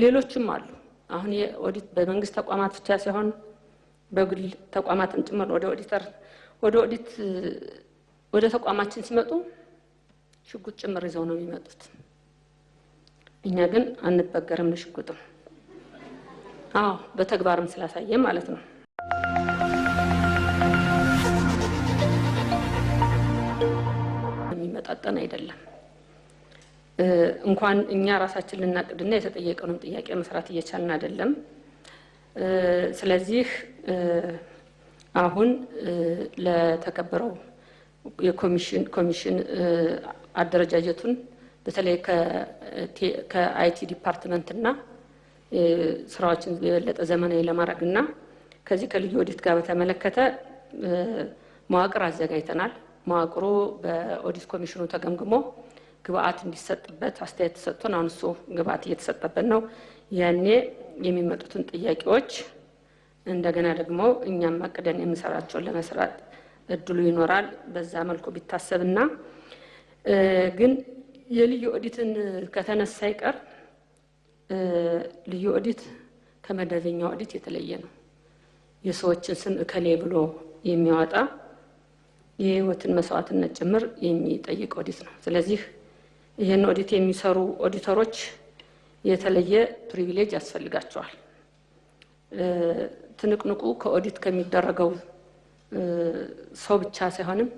ሌሎችም አሉ። አሁን የኦዲት በመንግስት ተቋማት ብቻ ሳይሆን በግል ተቋማትም ጭምር ወደ ኦዲተር ወደ ኦዲት ወደ ተቋማችን ሲመጡ ሽጉጥ ጭምር ይዘው ነው የሚመጡት። እኛ ግን አንበገርም ለሽጉጥም። አዎ በተግባርም ስላሳየ ማለት ነው። የሚመጣጠን አይደለም። እንኳን እኛ ራሳችን ልናቅድና የተጠየቀውንም ጥያቄ መስራት እየቻልን አይደለም። ስለዚህ አሁን ለተከበረው የኮሚሽን ኮሚሽን አደረጃጀቱን በተለይ ከአይቲ ዲፓርትመንትና ስራዎችን የበለጠ ዘመናዊ ለማድረግ እና ከዚህ ከልዩ ኦዲት ጋር በተመለከተ መዋቅር አዘጋጅተናል። መዋቅሩ በኦዲት ኮሚሽኑ ተገምግሞ ግብአት እንዲሰጥበት አስተያየት ተሰጥቶን አሁን እሱ ግብአት እየተሰጠበት ነው። ያኔ የሚመጡትን ጥያቄዎች እንደገና ደግሞ እኛም አቅደን የምንሰራቸውን ለመስራት እድሉ ይኖራል። በዛ መልኩ ቢታሰብና ግን የልዩ ኦዲትን ከተነሳ ይቀር ልዩ ኦዲት ከመደበኛ ኦዲት የተለየ ነው። የሰዎችን ስም እከሌ ብሎ የሚያወጣ የህይወትን መስዋዕትነት ጭምር የሚጠይቅ ኦዲት ነው። ስለዚህ ይህን ኦዲት የሚሰሩ ኦዲተሮች የተለየ ፕሪቪሌጅ ያስፈልጋቸዋል። ትንቅንቁ ከኦዲት ከሚደረገው ሰው ብቻ ሳይሆንም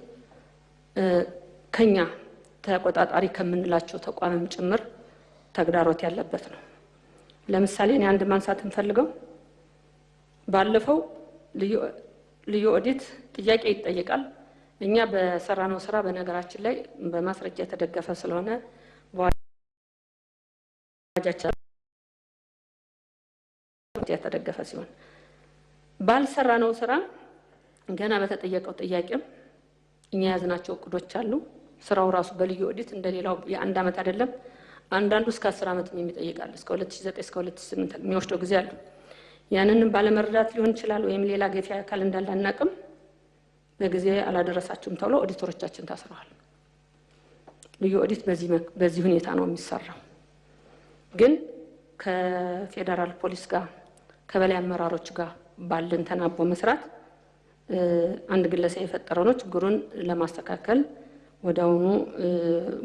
ከኛ ተቆጣጣሪ ከምንላቸው ተቋምም ጭምር ተግዳሮት ያለበት ነው። ለምሳሌ እኔ አንድ ማንሳት እንፈልገው ባለፈው ልዩ ኦዲት ጥያቄ ይጠየቃል። እኛ በሰራነው ስራ በነገራችን ላይ በማስረጃ የተደገፈ ስለሆነ የተደገፈ ሲሆን ባልሰራነው ስራ ገና በተጠየቀው ጥያቄም እኛ የያዝናቸው እቅዶች አሉ። ስራው ራሱ በልዩ ኦዲት እንደሌላው የአንድ አመት አይደለም። አንዳንዱ እስከ አስር ዓመት የሚጠይቃል እስከ 2009 እስከ 2008 የሚወስደው ጊዜ አሉ። ያንንም ባለመረዳት ሊሆን ይችላል ወይም ሌላ ገፊ አካል እንዳላናቅም በጊዜ አላደረሳችሁም ተብሎ ኦዲተሮቻችን ታስረዋል። ልዩ ኦዲት በዚህ ሁኔታ ነው የሚሰራው። ግን ከፌዴራል ፖሊስ ጋር ከበላይ አመራሮች ጋር ባለን ተናቦ መስራት አንድ ግለሰብ የፈጠረው ነው። ችግሩን ለማስተካከል ወደ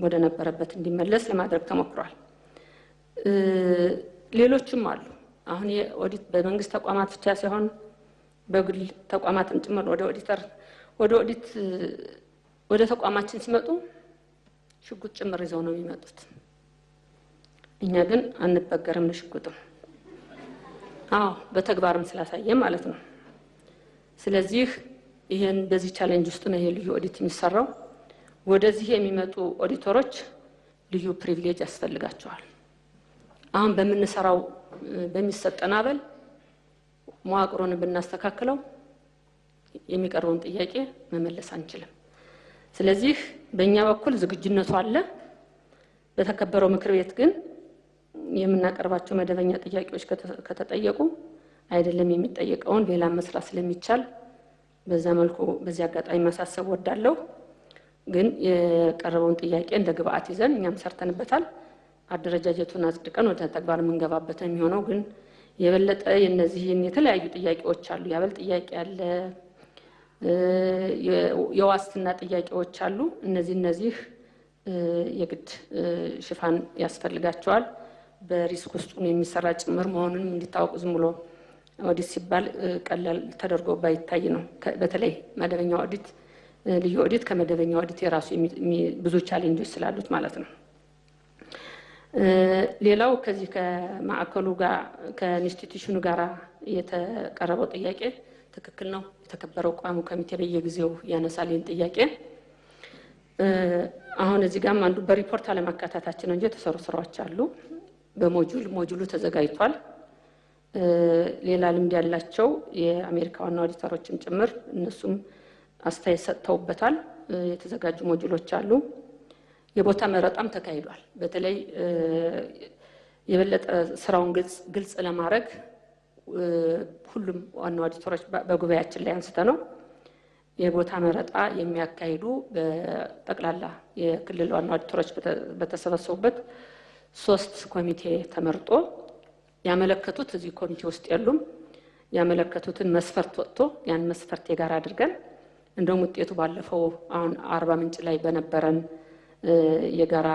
ወደ ነበረበት እንዲመለስ ለማድረግ ተሞክሯል። ሌሎችም አሉ። አሁን የኦዲት በመንግስት ተቋማት ብቻ ሳይሆን በግል ተቋማትም ጭምር ወደ ኦዲተር ወደ ኦዲት ወደ ተቋማችን ሲመጡ ሽጉጥ ጭምር ይዘው ነው የሚመጡት። እኛ ግን አንበገርም ለሽጉጥም። አዎ በተግባርም ስላሳየ ማለት ነው። ስለዚህ ይሄን በዚህ ቻሌንጅ ውስጥ ነው ይሄ ልዩ ኦዲት የሚሰራው። ወደዚህ የሚመጡ ኦዲተሮች ልዩ ፕሪቪሌጅ ያስፈልጋቸዋል። አሁን በምንሰራው በሚሰጠን አበል መዋቅሩን ብናስተካክለው የሚቀርበውን ጥያቄ መመለስ አንችልም። ስለዚህ በእኛ በኩል ዝግጁነቱ አለ። በተከበረው ምክር ቤት ግን የምናቀርባቸው መደበኛ ጥያቄዎች ከተጠየቁ አይደለም የሚጠየቀውን ሌላ መስራት ስለሚቻል በዛ መልኩ በዚህ አጋጣሚ ማሳሰብ ወዳለሁ። ግን የቀረበውን ጥያቄ እንደ ግብአት ይዘን እኛም ሰርተንበታል። አደረጃጀቱን አጽድቀን ወደ ተግባር የምንገባበት የሚሆነው ግን የበለጠ የነዚህን የተለያዩ ጥያቄዎች አሉ። ያበል ጥያቄ አለ። የዋስትና ጥያቄዎች አሉ። እነዚህ እነዚህ የግድ ሽፋን ያስፈልጋቸዋል። በሪስክ ውስጡ የሚሰራ ጭምር መሆኑንም እንዲታወቅ ዝም ብሎ ኦዲት ሲባል ቀላል ተደርጎ ባይታይ ነው። በተለይ መደበኛ ኦዲት፣ ልዩ ኦዲት ከመደበኛ ኦዲት የራሱ ብዙ ቻሌንጆች ስላሉት ማለት ነው። ሌላው ከዚህ ከማዕከሉ ጋር ከኢንስቲትዩሽኑ ጋር የተቀረበው ጥያቄ ትክክል ነው። የተከበረው ቋሚ ኮሚቴ በየጊዜው ያነሳልን ጥያቄ አሁን እዚህ ጋም አንዱ በሪፖርት አለማካታታችን እንጂ የተሰሩ ስራዎች አሉ። በሞጁል ሞጁሉ ተዘጋጅቷል። ሌላ ልምድ ያላቸው የአሜሪካ ዋና ኦዲተሮችም ጭምር እነሱም አስተያየት ሰጥተውበታል። የተዘጋጁ ሞጁሎች አሉ። የቦታ መረጣም ተካሂዷል። በተለይ የበለጠ ስራውን ግልጽ ለማድረግ ሁሉም ዋና ኦዲተሮች በጉባኤያችን ላይ አንስተ ነው የቦታ መረጣ የሚያካሂዱ በጠቅላላ የክልል ዋና ኦዲተሮች በተሰበሰቡበት ሶስት ኮሚቴ ተመርጦ ያመለከቱት እዚህ ኮሚቴ ውስጥ የሉም። ያመለከቱትን መስፈርት ወጥቶ ያን መስፈርት የጋራ አድርገን እንደውም ውጤቱ ባለፈው አሁን አርባ ምንጭ ላይ በነበረን የጋራ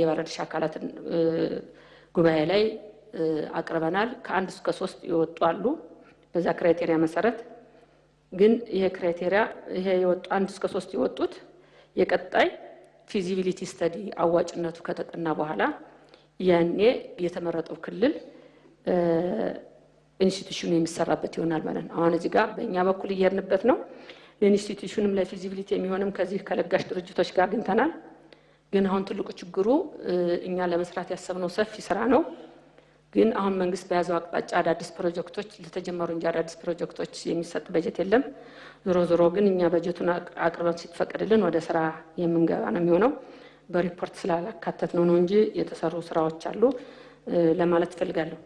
የባለድርሻ አካላትን ጉባኤ ላይ አቅርበናል። ከአንድ እስከ ሶስት የወጡ አሉ። በዛ ክራይቴሪያ መሰረት ግን ይሄ ክራይቴሪያ ይሄ የወጡ አንድ እስከ ሶስት የወጡት የቀጣይ ፊዚቢሊቲ ስተዲ አዋጭነቱ ከተጠና በኋላ ያኔ የተመረጠው ክልል ኢንስቲቱሽኑ የሚሰራበት ይሆናል ማለት ነው። አሁን እዚህ ጋር በእኛ በኩል እየሄድንበት ነው። ለኢንስቲቱሽንም ለፊዚቢሊቲ የሚሆንም ከዚህ ከለጋሽ ድርጅቶች ጋር አግኝተናል። ግን አሁን ትልቁ ችግሩ እኛ ለመስራት ያሰብነው ሰፊ ስራ ነው። ግን አሁን መንግስት በያዘው አቅጣጫ አዳዲስ ፕሮጀክቶች ለተጀመሩ እንጂ አዳዲስ ፕሮጀክቶች የሚሰጥ በጀት የለም። ዞሮ ዞሮ ግን እኛ በጀቱን አቅርበን ሲፈቀድልን ወደ ስራ የምንገባ ነው የሚሆነው። በሪፖርት ስላላካተት ነው ነው እንጂ የተሰሩ ስራዎች አሉ ለማለት እፈልጋለሁ።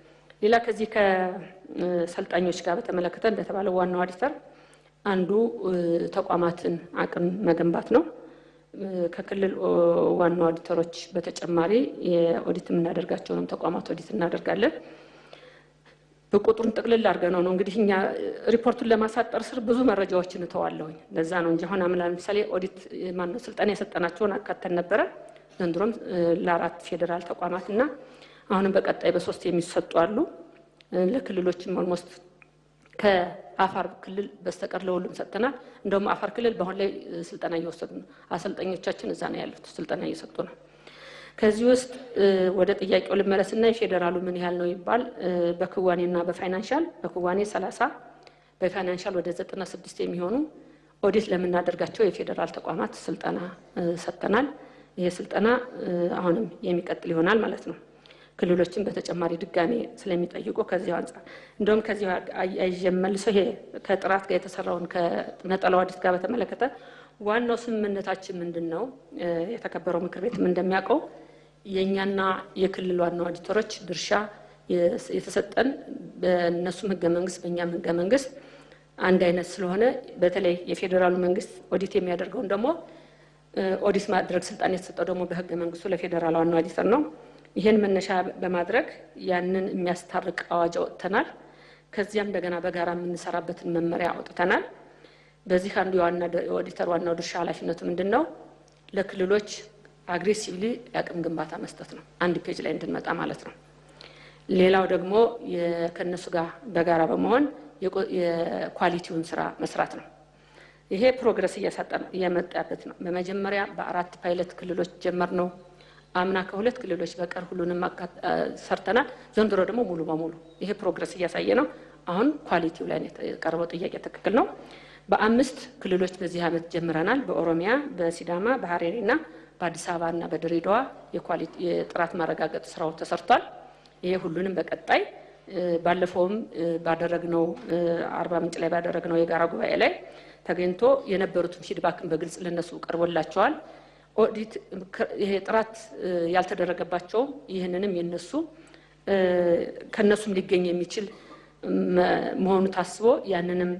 ሌላ ከዚህ ከሰልጣኞች ጋር በተመለከተ እንደተባለው ዋናው አዲተር አንዱ ተቋማትን አቅም መገንባት ነው። ከክልል ዋና ኦዲተሮች በተጨማሪ የኦዲት የምናደርጋቸውንም ተቋማት ኦዲት እናደርጋለን። በቁጥሩን ጥቅልል አድርገን ነው ነው እንግዲህ እኛ ሪፖርቱን ለማሳጠር ስር ብዙ መረጃዎችን እተዋለሁኝ። ለዛ ነው እንጂ አሁን አምና ለምሳሌ ኦዲት ማነው ስልጠና የሰጠናቸውን አካተን ነበረ። ዘንድሮም ለአራት ፌዴራል ተቋማት እና አሁንም በቀጣይ በሶስት የሚሰጡ አሉ። ለክልሎችም ኦልሞስት ከአፋር ክልል በስተቀር ለሁሉም ሰጥተናል። እንደውም አፋር ክልል በአሁን ላይ ስልጠና እየወሰዱ ነው። አሰልጠኞቻችን እዛ ነው ያሉት፣ ስልጠና እየሰጡ ነው። ከዚህ ውስጥ ወደ ጥያቄው ልመለስና የፌዴራሉ ምን ያህል ነው ይባል ና በፋይናንሻል በክዋኔ 30 በፋይናንሻል ወደ 96 የሚሆኑ ኦዲት ለምናደርጋቸው የፌዴራል ተቋማት ስልጠና ሰጥተናል። ይሄ ስልጠና አሁንም የሚቀጥል ይሆናል ማለት ነው። ክልሎችን በተጨማሪ ድጋሜ ስለሚጠይቁ ከዚህ አንጻር እንደውም ከዚህ አያይዤ ይሄ ከጥራት ጋር የተሰራውን ከነጠላው አዲስ ጋር በተመለከተ ዋናው ስምምነታችን ምንድን ነው? የተከበረው ምክር ቤትም እንደሚያውቀው የእኛና የክልል ዋና ኦዲተሮች ድርሻ የተሰጠን በእነሱም ህገ መንግስት በእኛም ህገ መንግስት አንድ አይነት ስለሆነ በተለይ የፌዴራሉ መንግስት ኦዲት የሚያደርገውን ደግሞ ኦዲት ማድረግ ስልጣን የተሰጠው ደግሞ በህገ መንግስቱ ለፌዴራል ዋና ኦዲተር ነው። ይህን መነሻ በማድረግ ያንን የሚያስታርቅ አዋጅ አውጥተናል። ከዚያም እንደገና በጋራ የምንሰራበትን መመሪያ አውጥተናል። በዚህ አንዱ የኦዲተር ዋናው ድርሻ ሀላፊነቱ ምንድን ነው? ለክልሎች አግሬሲቭሊ የአቅም ግንባታ መስጠት ነው። አንድ ፔጅ ላይ እንድንመጣ ማለት ነው። ሌላው ደግሞ ከእነሱ ጋር በጋራ በመሆን የኳሊቲውን ስራ መስራት ነው። ይሄ ፕሮግረስ እያመጣበት ነው። በመጀመሪያ በአራት ፓይለት ክልሎች ጀመር ነው። አምና ከሁለት ክልሎች በቀር ሁሉንም ሰርተናል። ዘንድሮ ደግሞ ሙሉ በሙሉ ይሄ ፕሮግረስ እያሳየ ነው። አሁን ኳሊቲው ላይ የቀረበው ጥያቄ ትክክል ነው። በአምስት ክልሎች በዚህ ዓመት ጀምረናል። በኦሮሚያ፣ በሲዳማ፣ በሀረሪ እና በአዲስ አበባ እና በድሬዳዋ የጥራት ማረጋገጥ ስራዎች ተሰርቷል። ይሄ ሁሉንም በቀጣይ ባለፈውም ባደረግነው አርባ ምንጭ ላይ ባደረግነው የጋራ ጉባኤ ላይ ተገኝቶ የነበሩትን ፊድባክን በግልጽ ለነሱ ቀርቦላቸዋል። ኦዲት ይሄ ጥራት ያልተደረገባቸውም ይህንንም የነሱ ከነሱም ሊገኝ የሚችል መሆኑ ታስቦ ያንንም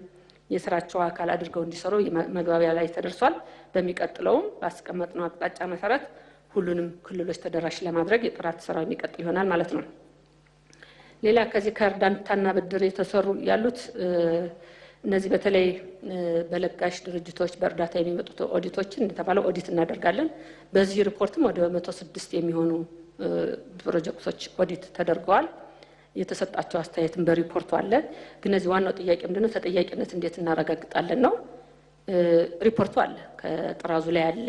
የስራቸው አካል አድርገው እንዲሰሩ መግባቢያ ላይ ተደርሷል። በሚቀጥለውም ባስቀመጥነው አቅጣጫ መሰረት ሁሉንም ክልሎች ተደራሽ ለማድረግ የጥራት ስራ የሚቀጥል ይሆናል ማለት ነው። ሌላ ከዚህ ከእርዳታና ብድር የተሰሩ ያሉት እነዚህ በተለይ በለጋሽ ድርጅቶች በእርዳታ የሚመጡት ኦዲቶችን እንደተባለው ኦዲት እናደርጋለን። በዚህ ሪፖርትም ወደ መቶ ስድስት የሚሆኑ ፕሮጀክቶች ኦዲት ተደርገዋል። የተሰጣቸው አስተያየትም በሪፖርቱ አለ። ግን እነዚህ ዋናው ጥያቄ ምንድነው? ተጠያቂነት እንዴት እናረጋግጣለን ነው። ሪፖርቱ አለ፣ ከጥራዙ ላይ አለ።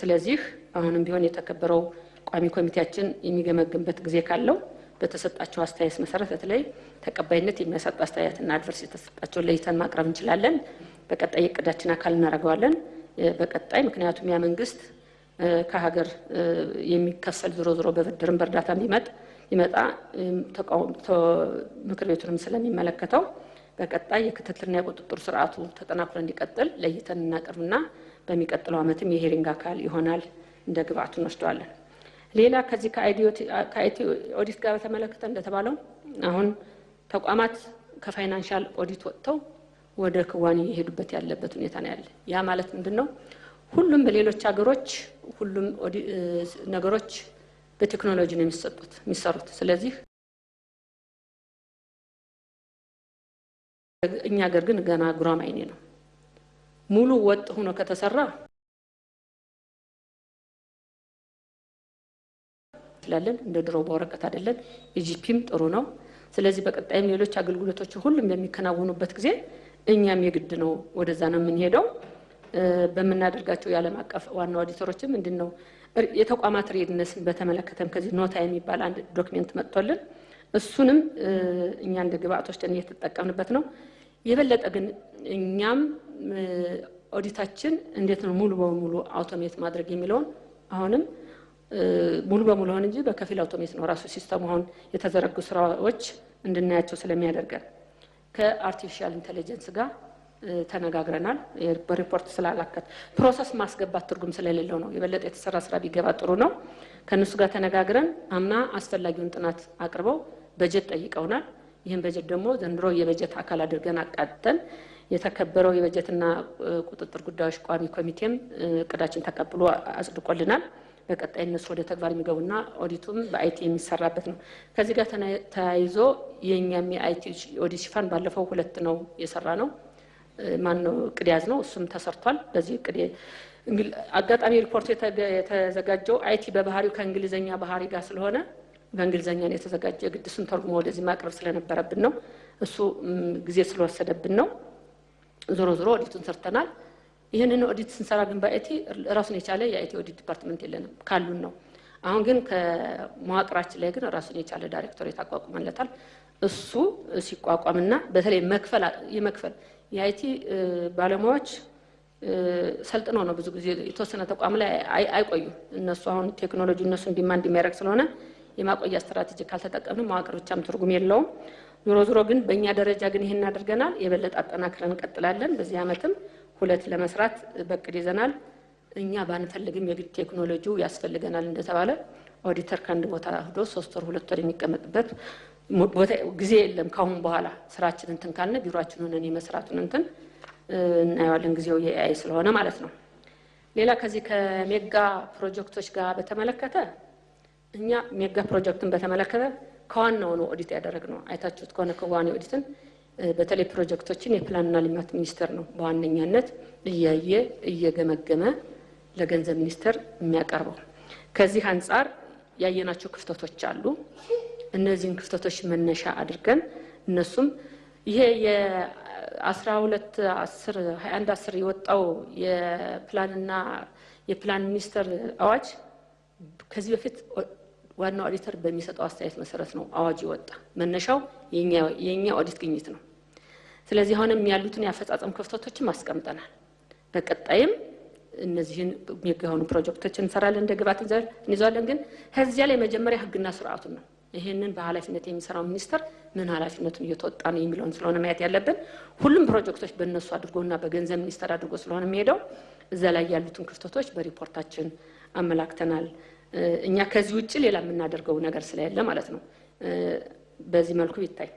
ስለዚህ አሁንም ቢሆን የተከበረው ቋሚ ኮሚቴያችን የሚገመግምበት ጊዜ ካለው በተሰጣቸው አስተያየት መሰረት በተለይ ተቀባይነት የሚያሳጡ አስተያየትና አድቨርስ የተሰጣቸው ለይተን ማቅረብ እንችላለን። በቀጣይ እቅዳችን አካል እናደርገዋለን። በቀጣይ ምክንያቱም ያ መንግስት ከሀገር የሚከሰል ዞሮ ዞሮ በብድርም በእርዳታ የሚመጥ ይመጣ ምክር ቤቱንም ስለሚመለከተው በቀጣይ የክትትልና የቁጥጥር ስርዓቱ ተጠናክሮ እንዲቀጥል ለይተን እናቅርብና በሚቀጥለው ዓመትም የሄሪንግ አካል ይሆናል። እንደ ግብአቱ እንወስደዋለን። ሌላ ከዚህ ከአይቲ ኦዲት ጋር በተመለከተ እንደተባለው አሁን ተቋማት ከፋይናንሻል ኦዲት ወጥተው ወደ ክዋኔ የሄዱበት ያለበት ሁኔታ ነው ያለ። ያ ማለት ምንድን ነው? ሁሉም በሌሎች ሀገሮች ሁሉም ነገሮች በቴክኖሎጂ ነው የሚሰጡት የሚሰሩት። ስለዚህ እኛ ሀገር ግን ገና ጉራማይኔ ነው። ሙሉ ወጥ ሆኖ ከተሰራ እንችላለን። እንደ ድሮ በወረቀት አይደለን። ኢጂፒም ጥሩ ነው። ስለዚህ በቀጣይም ሌሎች አገልግሎቶች ሁሉም በሚከናወኑበት ጊዜ እኛም የግድ ነው ወደዛ ነው የምንሄደው። በምናደርጋቸው የዓለም አቀፍ ዋና ኦዲተሮችም ምንድን ነው የተቋማት ሬድነስን በተመለከተም ከዚህ ኖታ የሚባል አንድ ዶክሜንት መጥቶልን እሱንም እኛ እንደ ግብአቶች ደን እየተጠቀምንበት ነው። የበለጠ ግን እኛም ኦዲታችን እንዴት ነው ሙሉ በሙሉ አውቶሜት ማድረግ የሚለውን አሁንም ሙሉ በሙሉ ሆን እንጂ በከፊል አውቶሜት ነው ራሱ ሲስተሙ አሁን የተዘረጉ ስራዎች እንድናያቸው ስለሚያደርገን ከአርቲፊሻል ኢንቴሊጀንስ ጋር ተነጋግረናል። በሪፖርት ስላላከት ፕሮሰስ ማስገባት ትርጉም ስለሌለው ነው። የበለጠ የተሰራ ስራ ቢገባ ጥሩ ነው። ከእነሱ ጋር ተነጋግረን አምና አስፈላጊውን ጥናት አቅርበው በጀት ጠይቀውናል። ይህን በጀት ደግሞ ዘንድሮ የበጀት አካል አድርገን አቃጥተን የተከበረው የበጀትና ቁጥጥር ጉዳዮች ቋሚ ኮሚቴም እቅዳችን ተቀብሎ አጽድቆልናል። በቀጣይ እነሱ ወደ ተግባር የሚገቡና ኦዲቱም በአይቲ የሚሰራበት ነው። ከዚህ ጋር ተያይዞ የእኛም የአይቲ ኦዲት ሽፋን ባለፈው ሁለት ነው የሰራ ነው ማን ነው እቅድ ያዝ ነው እሱም ተሰርቷል። በዚህ እቅድ አጋጣሚ ሪፖርቱ የተዘጋጀው አይቲ በባህሪው ከእንግሊዝኛ ባህሪ ጋር ስለሆነ በእንግሊዝኛ ነው የተዘጋጀ ግድ ተርጉሞ ወደዚህ ማቅረብ ስለነበረብን ነው እሱ ጊዜ ስለወሰደብን ነው። ዞሮ ዞሮ ኦዲቱን ሰርተናል። ይህንን ኦዲት ስንሰራ ግን በአይቲ ራሱን የቻለ የአይቲ ኦዲት ዲፓርትመንት የለንም፣ ካሉን ነው። አሁን ግን ከመዋቅራችን ላይ ግን ራሱን የቻለ ዳይሬክቶሬት አቋቁመለታል። እሱ ሲቋቋምና በተለይ መክፈል የመክፈል የአይቲ ባለሙያዎች ሰልጥነው ነው ብዙ ጊዜ የተወሰነ ተቋም ላይ አይቆዩም። እነሱ አሁን ቴክኖሎጂ እነሱ ዲማንድ የሚያደርግ ስለሆነ የማቆያ ስትራቴጂ ካልተጠቀምን መዋቅር ብቻም ትርጉም የለውም። ዞሮ ዞሮ ግን በእኛ ደረጃ ግን ይህን አድርገናል። የበለጠ አጠናክረን እንቀጥላለን። በዚህ ዓመትም ሁለት ለመስራት በቅድ ይዘናል። እኛ ባንፈልግም የግድ ቴክኖሎጂው ያስፈልገናል እንደተባለ ኦዲተር ከአንድ ቦታ ሂዶ ሶስት ወር ሁለት ወር የሚቀመጥበት ጊዜ የለም። ካሁን በኋላ ስራችን እንትን ካልነ ቢሮችን ሆነን የመስራቱን እንትን እናየዋለን። ጊዜው የኤአይ ስለሆነ ማለት ነው። ሌላ ከዚህ ከሜጋ ፕሮጀክቶች ጋር በተመለከተ እኛ ሜጋ ፕሮጀክትን በተመለከተ ከዋናው ነው ኦዲት ነው። አይታችሁት ከሆነ ከዋናው ኦዲትን በተለይ ፕሮጀክቶችን የፕላንና ልማት ሚኒስቴር ነው በዋነኛነት እያየ እየገመገመ ለገንዘብ ሚኒስቴር የሚያቀርበው። ከዚህ አንጻር ያየናቸው ክፍተቶች አሉ። እነዚህን ክፍተቶች መነሻ አድርገን እነሱም ይሄ የአስራ ሁለት አስር ሀያ አንድ አስር የወጣው የፕላንና የፕላን ሚኒስቴር አዋጅ ከዚህ በፊት ዋና ኦዲተር በሚሰጠው አስተያየት መሰረት ነው አዋጅ የወጣ መነሻው የኛ ኦዲት ግኝት ነው። ስለዚህ አሁንም ያሉትን የአፈጻጸም ክፍተቶችን አስቀምጠናል። በቀጣይም እነዚህን የሆኑ ፕሮጀክቶችን እንሰራለን፣ እንደ ግባት እንይዘዋለን። ግን ከዚያ ላይ መጀመሪያ ህግና ስርዓቱን ነው ይህንን በሀላፊነት የሚሰራው ሚኒስተር ምን ሀላፊነቱን እየተወጣ ነው የሚለውን ስለሆነ ማየት ያለብን። ሁሉም ፕሮጀክቶች በእነሱ አድርጎና በገንዘብ ሚኒስተር አድርጎ ስለሆነ የሚሄደው እዛ ላይ ያሉትን ክፍተቶች በሪፖርታችን አመላክተናል። እኛ ከዚህ ውጭ ሌላ የምናደርገው ነገር ስለያለ ማለት ነው። በዚህ መልኩ ይታይ።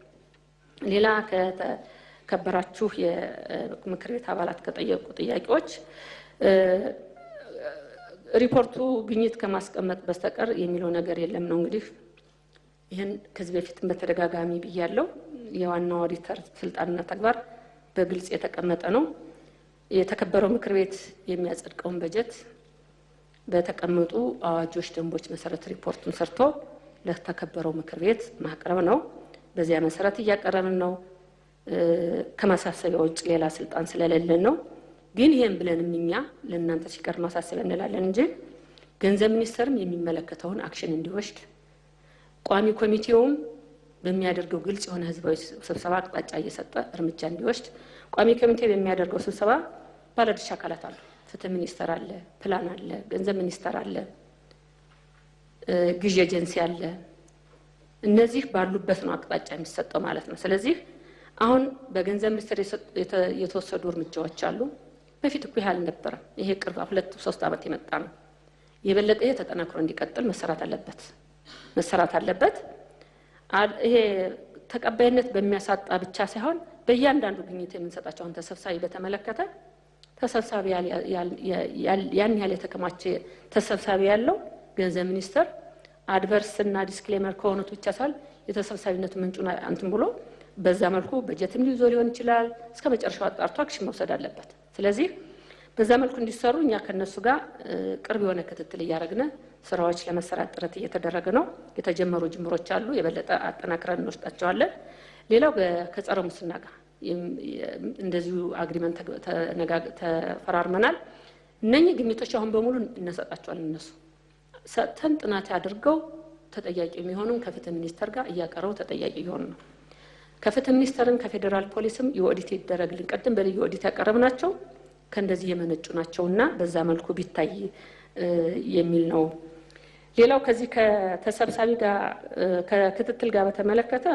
ሌላ ከተከበራችሁ የምክር ቤት አባላት ከጠየቁ ጥያቄዎች ሪፖርቱ ግኝት ከማስቀመጥ በስተቀር የሚለው ነገር የለም ነው። እንግዲህ ይህን ከዚህ በፊትም በተደጋጋሚ ብያለው። የዋና ኦዲተር ስልጣንና ተግባር በግልጽ የተቀመጠ ነው። የተከበረው ምክር ቤት የሚያጸድቀውን በጀት በተቀመጡ አዋጆች፣ ደንቦች መሰረት ሪፖርቱን ሰርቶ ለተከበረው ምክር ቤት ማቅረብ ነው። በዚያ መሰረት እያቀረብን ነው። ከማሳሰቢያ ውጭ ሌላ ስልጣን ስለሌለን ነው። ግን ይሄን ብለንም እኛ ለእናንተ ሲቀር ማሳሰቢያ እንላለን እንጂ ገንዘብ ሚኒስቴርም የሚመለከተውን አክሽን እንዲወስድ ቋሚ ኮሚቴውም በሚያደርገው ግልጽ የሆነ ህዝባዊ ስብሰባ አቅጣጫ እየሰጠ እርምጃ እንዲወስድ ቋሚ ኮሚቴ በሚያደርገው ስብሰባ ባለድርሻ አካላት አሉ። ፍትህ ሚኒስቴር አለ፣ ፕላን አለ፣ ገንዘብ ሚኒስቴር አለ፣ ግዥ ኤጀንሲ አለ። እነዚህ ባሉበት ነው አቅጣጫ የሚሰጠው ማለት ነው። ስለዚህ አሁን በገንዘብ ሚኒስቴር የተወሰዱ እርምጃዎች አሉ። በፊት እኩ ያህል ነበረ ይሄ ቅርብ ሁለት ሶስት ዓመት የመጣ ነው። የበለጠ ይሄ ተጠናክሮ እንዲቀጥል መሰራት አለበት መሰራት አለበት። ይሄ ተቀባይነት በሚያሳጣ ብቻ ሳይሆን በእያንዳንዱ ግኝት የምንሰጣቸውን ተሰብሳቢ በተመለከተ ተሰብሳቢ ያን ያህል የተከማቸ ተሰብሳቢ ያለው ገንዘብ ሚኒስቴር አድቨርስ እና ዲስክሌመር ከሆኑት ብቻ ሳል የተሰብሳቢነቱ ምንጩን አንትን ብሎ በዛ መልኩ በጀትም ሊይዞ ሊሆን ይችላል። እስከ መጨረሻው አጣርቶ አክሽን መውሰድ አለበት። ስለዚህ በዛ መልኩ እንዲሰሩ እኛ ከነሱ ጋር ቅርብ የሆነ ክትትል እያደረግነ ስራዎች ለመሰራት ጥረት እየተደረገ ነው። የተጀመሩ ጅምሮች አሉ። የበለጠ አጠናክረን እንወስጣቸዋለን። ሌላው ከጸረ ሙስና ጋር እንደዚሁ አግሪመንት ተፈራርመናል። እነኚህ ግኝቶች አሁን በሙሉ እነሰጣቸዋል እነሱ ሰጥተን ጥናት አድርገው ተጠያቂ የሚሆኑም ከፍትህ ሚኒስተር ጋር እያቀረቡ ተጠያቂ እየሆኑ ነው። ከፍትህ ሚኒስተርን ከፌዴራል ፖሊስም የኦዲት ይደረግልን ቀደም በልዩ ኦዲት ናቸው ከእንደዚህ የመነጩ ናቸው እና በዛ መልኩ ቢታይ የሚል ነው። ሌላው ከዚህ ከተሰብሳቢ ጋር ከክትትል ጋር በተመለከተ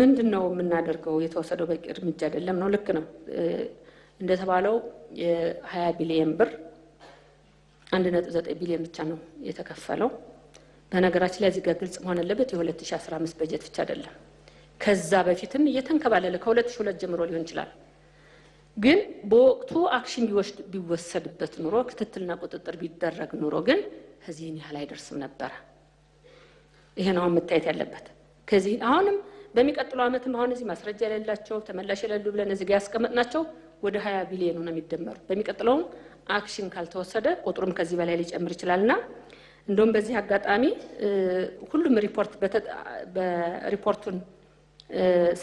ምንድን ነው የምናደርገው? የተወሰደው በቂ እርምጃ አይደለም ነው። ልክ ነው እንደተባለው የሀያ ቢሊየን ብር አንድ 1.9 ቢሊዮን ብቻ ነው የተከፈለው። በነገራችን ላይ እዚህ ጋር ግልጽ መሆን አለበት የ2015 በጀት ብቻ አይደለም። ከዛ በፊትም እየተንከባለለ ከ2002 ጀምሮ ሊሆን ይችላል። ግን በወቅቱ አክሽን ቢወስድ ቢወሰድበት ኑሮ ክትትልና ቁጥጥር ቢደረግ ኑሮ ግን ከዚህን ያህል አይደርስም ነበረ። ይሄ ነው መታየት ያለበት። ከዚህ አሁንም በሚቀጥለው ዓመትም አሁን እዚህ ማስረጃ የሌላቸው ተመላሽ የሌሉ ብለን እዚህ ጋር ያስቀመጥናቸው ወደ ሀያ ቢሊዮን ነው የሚደመሩ በሚቀጥለውም አክሽን ካልተወሰደ ቁጥሩም ከዚህ በላይ ሊጨምር ይችላል እና እንደውም በዚህ አጋጣሚ ሁሉም ሪፖርት በሪፖርቱን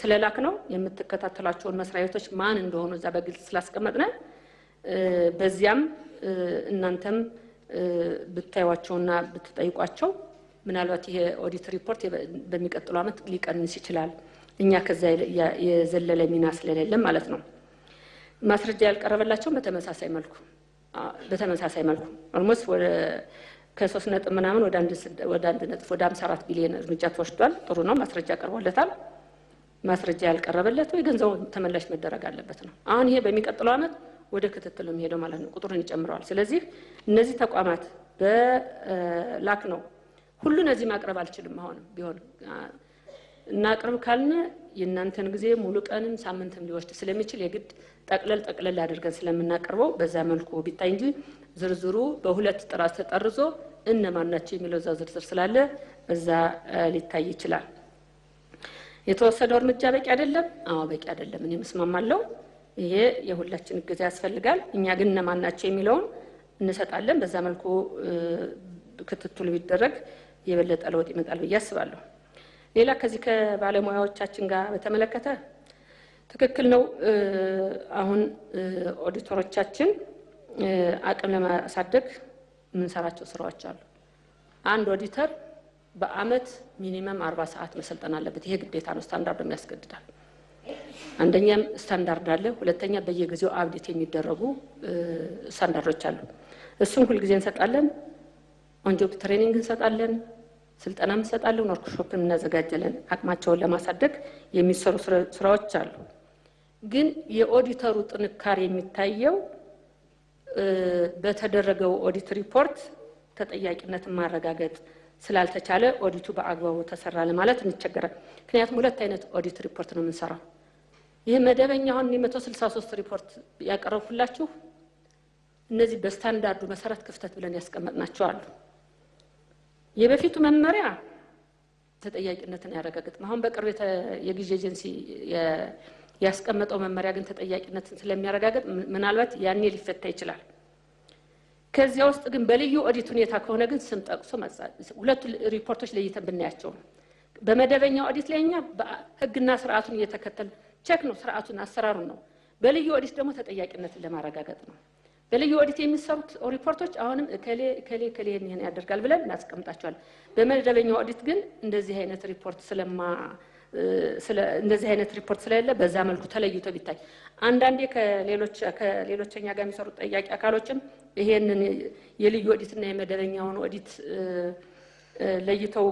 ስለላክ ነው የምትከታተሏቸውን መስሪያ ቤቶች ማን እንደሆኑ እዛ በግልጽ ስላስቀመጥነ? በዚያም እናንተም ብታዩቸውና ብትጠይቋቸው ምናልባት ይሄ ኦዲት ሪፖርት በሚቀጥለው ዓመት ሊቀንስ ይችላል። እኛ ከዛ የዘለለ ሚና ስለሌለም ማለት ነው። ማስረጃ ያልቀረበላቸውም በተመሳሳይ መልኩ በተመሳሳይ መልኩ ኦልሞስት ወደ ከሶስት ነጥብ ምናምን ወደ አንድ ነጥብ ወደ አምሳ አራት ቢሊዮን እርምጃ ተወስዷል። ጥሩ ነው። ማስረጃ ቀርቦለታል። ማስረጃ ያልቀረበለት ወይ ገንዘቡ ተመላሽ መደረግ አለበት ነው። አሁን ይሄ በሚቀጥለው ዓመት ወደ ክትትል የሚሄደው ማለት ነው። ቁጥሩን ይጨምረዋል። ስለዚህ እነዚህ ተቋማት በላክ ነው ሁሉ እነዚህ ማቅረብ አልችልም አሁንም ቢሆን እናቅርብ ካልነ የእናንተን ጊዜ ሙሉ ቀንም ሳምንትም ሊወስድ ስለሚችል የግድ ጠቅለል ጠቅለል አድርገን ስለምናቀርበው በዛ መልኩ ቢታይ እንጂ ዝርዝሩ በሁለት ጥራት ተጠርዞ እነማን ናቸው የሚለው እዛ ዝርዝር ስላለ እዛ ሊታይ ይችላል። የተወሰደው እርምጃ በቂ አይደለም። አዎ በቂ አይደለም፣ እኔ መስማማለሁ። ይሄ የሁላችን እገዛ ያስፈልጋል። እኛ ግን እነማን ናቸው የሚለውን እንሰጣለን። በዛ መልኩ ክትትሉ ቢደረግ የበለጠ ለውጥ ይመጣል ብዬ አስባለሁ። ሌላ ከዚህ ከባለሙያዎቻችን ጋር በተመለከተ ትክክል ነው። አሁን ኦዲተሮቻችን አቅም ለማሳደግ የምንሰራቸው ስራዎች አሉ። አንድ ኦዲተር በአመት ሚኒመም አርባ ሰዓት መሰልጠን አለበት። ይሄ ግዴታ ነው፣ ስታንዳርድ ያስገድዳል። አንደኛም ስታንዳርድ አለ። ሁለተኛ በየጊዜው አብዴት የሚደረጉ ስታንዳርዶች አሉ። እሱን ሁልጊዜ እንሰጣለን። ኦንጆብ ትሬኒንግ እንሰጣለን። ስልጠናም እንሰጣለን፣ ወርክሾፕም እናዘጋጀለን። አቅማቸውን ለማሳደግ የሚሰሩ ስራዎች አሉ። ግን የኦዲተሩ ጥንካሬ የሚታየው በተደረገው ኦዲት ሪፖርት ተጠያቂነትን ማረጋገጥ ስላልተቻለ ኦዲቱ በአግባቡ ተሰራ ለማለት እንቸገረ ምክንያቱም ሁለት አይነት ኦዲት ሪፖርት ነው የምንሰራው። ይህ መደበኛ አሁን የመቶ ስልሳ ሶስት ሪፖርት ያቀረብኩላችሁ እነዚህ በስታንዳርዱ መሰረት ክፍተት ብለን ያስቀመጥናቸው አሉ። የበፊቱ መመሪያ ተጠያቂነትን አያረጋግጥም። አሁን በቅርብ የግዢ ኤጀንሲ ያስቀመጠው መመሪያ ግን ተጠያቂነትን ስለሚያረጋግጥ ምናልባት ያኔ ሊፈታ ይችላል። ከዚያ ውስጥ ግን በልዩ ኦዲት ሁኔታ ከሆነ ግን ስም ጠቅሶ ሁለቱ ሪፖርቶች ለይተን ብናያቸው ነው። በመደበኛው ኦዲት ላይ እኛ ህግና ስርዓቱን እየተከተል ቸክ ነው፣ ስርዓቱን አሰራሩን ነው። በልዩ ኦዲት ደግሞ ተጠያቂነትን ለማረጋገጥ ነው። በልዩ ኦዲት የሚሰሩት ሪፖርቶች አሁንም እከሌ እከሌ እከሌ ይህን ያደርጋል ብለን እናስቀምጣቸዋል። በመደበኛ ኦዲት ግን እንደዚህ አይነት ሪፖርት ስለማ እንደዚህ አይነት ሪፖርት ስለሌለ በዛ መልኩ ተለይቶ ቢታይ አንዳንዴ ከሌሎች ከሌሎችኛ ጋር የሚሰሩት ጠያቂ አካሎችም ይሄንን የልዩ ኦዲትና የመደበኛውን ኦዲት ለይተው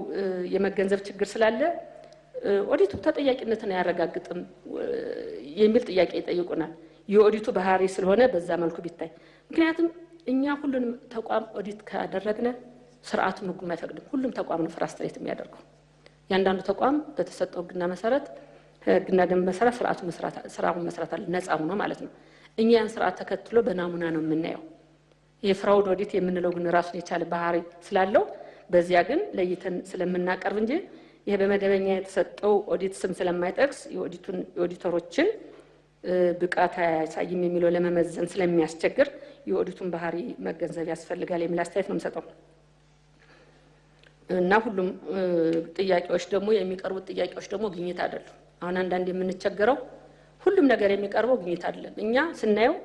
የመገንዘብ ችግር ስላለ ኦዲቱ ተጠያቂነትን አያረጋግጥም የሚል ጥያቄ ይጠይቁናል። የኦዲቱ ባህሪ ስለሆነ በዛ መልኩ ቢታይ። ምክንያቱም እኛ ሁሉንም ተቋም ኦዲት ካደረግነ ስርአቱ ምግብ አይፈቅድም። ሁሉም ተቋም ነው ፍራስትሬት የሚያደርገው። ያንዳንዱ ተቋም በተሰጠው ግና መሰረት ህግና ደንብ መሰረት ስርዓቱን መስራት አለ ነፃ ሆኖ ማለት ነው። እኛ ያን ስርዓት ተከትሎ በናሙና ነው የምናየው። የፍራውድ ኦዲት የምንለው ግን ራሱን የቻለ ባህሪ ስላለው በዚያ ግን ለይተን ስለምናቀርብ እንጂ ይሄ በመደበኛ የተሰጠው ኦዲት ስም ስለማይጠቅስ የኦዲተሮችን ብቃት አያሳይም የሚለው ለመመዘን ስለሚያስቸግር የኦዲቱን ባህሪ መገንዘብ ያስፈልጋል የሚል አስተያየት ነው የምሰጠው። እና ሁሉም ጥያቄዎች ደግሞ የሚቀርቡት ጥያቄዎች ደግሞ ግኝት አይደሉም። አሁን አንዳንድ የምንቸገረው ሁሉም ነገር የሚቀርበው ግኝት አይደለም። እኛ ስናየው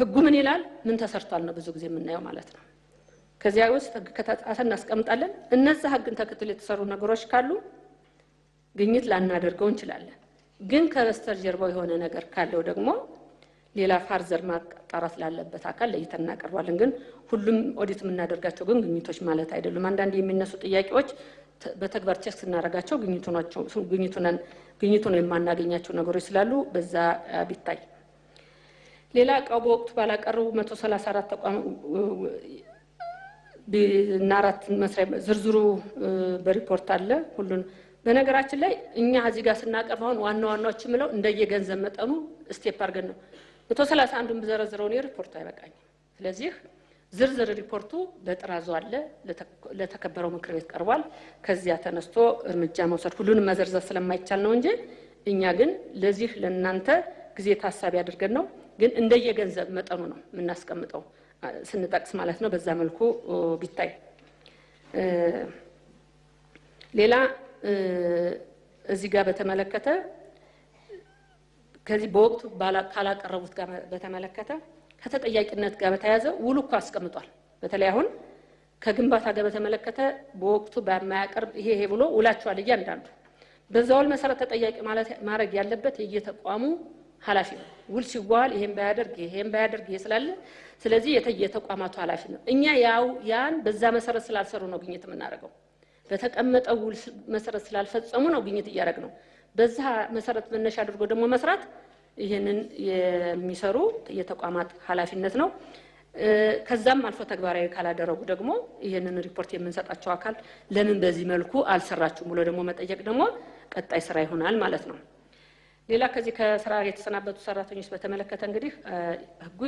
ህጉ ምን ይላል፣ ምን ተሰርቷል ነው ብዙ ጊዜ የምናየው ማለት ነው። ከዚያ ውስጥ ህግ ከታጻፈ እናስቀምጣለን። እነዛ ህግን ተከትሎ የተሰሩ ነገሮች ካሉ ግኝት ላናደርገው እንችላለን። ግን ከበስተጀርባው የሆነ ነገር ካለው ደግሞ ሌላ ፋርዘር ማጣራት ላለበት አካል ለይተን እናቀርባለን። ግን ሁሉም ኦዲት የምናደርጋቸው ግን ግኝቶች ማለት አይደሉም። አንዳንድ የሚነሱ ጥያቄዎች በተግባር ቼክ ስናደርጋቸው ግኝቱን የማናገኛቸው ነገሮች ስላሉ በዛ ቢታይ። ሌላ እቃው በወቅቱ ባላቀረቡ መቶ ሰላሳ አራት ተቋም እና አራት መስሪያ ዝርዝሩ በሪፖርት አለ ሁሉን በነገራችን ላይ እኛ እዚህ ጋር ስናቀርብ ዋና ዋናዎች የምለው እንደየገንዘብ መጠኑ ስቴፕ አድርገን ነው። መቶ ሰላሳ አንዱን ብዘረዝረው እኔ ሪፖርቱ አይበቃኝም። ስለዚህ ዝርዝር ሪፖርቱ በጥራዙ አለ፣ ለተከበረው ምክር ቤት ቀርቧል። ከዚያ ተነስቶ እርምጃ መውሰድ ሁሉንም መዘርዘር ስለማይቻል ነው እንጂ እኛ ግን ለዚህ ለእናንተ ጊዜ ታሳቢ አድርገን ነው። ግን እንደየገንዘብ መጠኑ ነው የምናስቀምጠው ስንጠቅስ ማለት ነው። በዛ መልኩ ቢታይ ሌላ እዚህ ጋር በተመለከተ ከዚህ በወቅቱ ካላቀረቡት ጋር በተመለከተ ከተጠያቂነት ጋር በተያያዘ ውሉ እኮ አስቀምጧል። በተለይ አሁን ከግንባታ ጋር በተመለከተ በወቅቱ በማያቀርብ ይሄ ይሄ ብሎ ውላቸዋል። እያንዳንዱ በዛ ውል መሰረት ተጠያቂ ማድረግ ያለበት የየተቋሙ ሀላፊ ነው። ውል ሲዋል ይሄን ባያደርግ ይሄን ባያደርግ ይሄ ስላለ ስለዚህ የተየተቋማቱ ሀላፊ ነው። እኛ ያው ያን በዛ መሰረት ስላልሰሩ ነው ግኝት የምናደርገው። በተቀመጠው ውል መሰረት ስላልፈጸሙ ነው ግኝት እያደረግ ነው። በዛ መሰረት መነሻ አድርጎ ደግሞ መስራት ይህንን የሚሰሩ የተቋማት ኃላፊነት ነው። ከዛም አልፎ ተግባራዊ ካላደረጉ ደግሞ ይህንን ሪፖርት የምንሰጣቸው አካል ለምን በዚህ መልኩ አልሰራችሁም ብሎ ደግሞ መጠየቅ ደግሞ ቀጣይ ስራ ይሆናል ማለት ነው። ሌላ ከዚህ ከስራ የተሰናበቱ ሰራተኞች በተመለከተ እንግዲህ ህጉ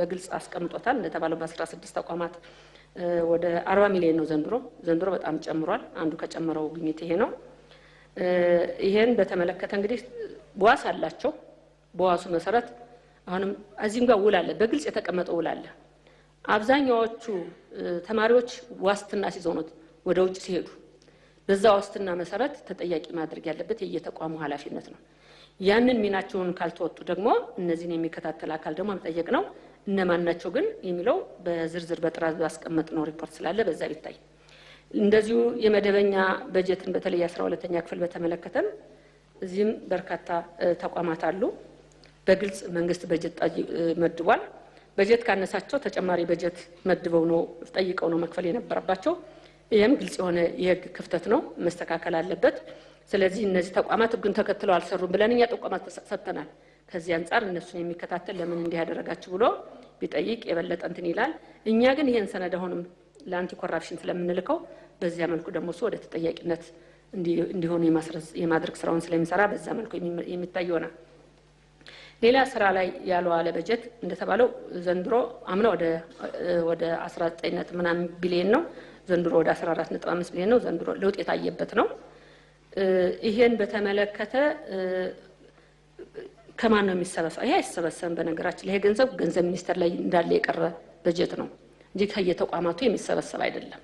በግልጽ አስቀምጦታል እንደተባለው በአስራ ስድስት ተቋማት ወደ አርባ ሚሊዮን ነው ዘንድሮ። ዘንድሮ በጣም ጨምሯል። አንዱ ከጨመረው ግኝት ይሄ ነው። ይሄን በተመለከተ እንግዲህ በዋስ አላቸው። በዋሱ መሰረት አሁንም እዚህም ጋር ውል አለ፣ በግልጽ የተቀመጠ ውል አለ። አብዛኛዎቹ ተማሪዎች ዋስትና ሲዘው ነው ወደ ውጭ ሲሄዱ፣ በዛ ዋስትና መሰረት ተጠያቂ ማድረግ ያለበት የየተቋሙ ኃላፊነት ነው። ያንን ሚናቸውን ካልተወጡ ደግሞ እነዚህን የሚከታተል አካል ደግሞ መጠየቅ ነው። እነማን ናቸው ግን የሚለው በዝርዝር በጥራዝ ነው ሪፖርት ስላለ በዛ ቢታይ እንደዚሁ የመደበኛ በጀትን በተለይ አስራ ሁለተኛ ክፍል በተመለከተም እዚህም በርካታ ተቋማት አሉ። በግልጽ መንግስት በጀት መድቧል። በጀት ካነሳቸው ተጨማሪ በጀት መድበው ነው ጠይቀው ነው መክፈል የነበረባቸው። ይህም ግልጽ የሆነ የህግ ክፍተት ነው፣ መስተካከል አለበት። ስለዚህ እነዚህ ተቋማት ህግን ተከትለው አልሰሩም ብለን እኛ ጥቆማ ሰጥተናል። ከዚህ አንጻር እነሱን የሚከታተል ለምን እንዲህ ያደረጋችሁ ብሎ ቢጠይቅ የበለጠ እንትን ይላል። እኛ ግን ይህን ሰነድ አሁንም ለአንቲ ኮራፕሽን ስለምንልከው በዚያ መልኩ ደግሞ እሱ ወደ ተጠያቂነት እንዲሆኑ የማድረግ ስራውን ስለሚሰራ በዛ መልኩ የሚታይ ይሆናል። ሌላ ስራ ላይ ያለው አለ በጀት እንደተባለው ዘንድሮ አምና ወደ 19 ምናምን ቢሊየን ነው፣ ዘንድሮ ወደ 14.5 ቢሊየን ነው። ዘንድሮ ለውጥ የታየበት ነው። ይሄን በተመለከተ ከማን ነው የሚሰበሰበው? ይሄ አይሰበሰብም። በነገራችን ላይ ገንዘብ ገንዘብ ሚኒስቴር ላይ እንዳለ የቀረ በጀት ነው እንጂ ከየተቋማቱ የሚሰበሰብ አይደለም።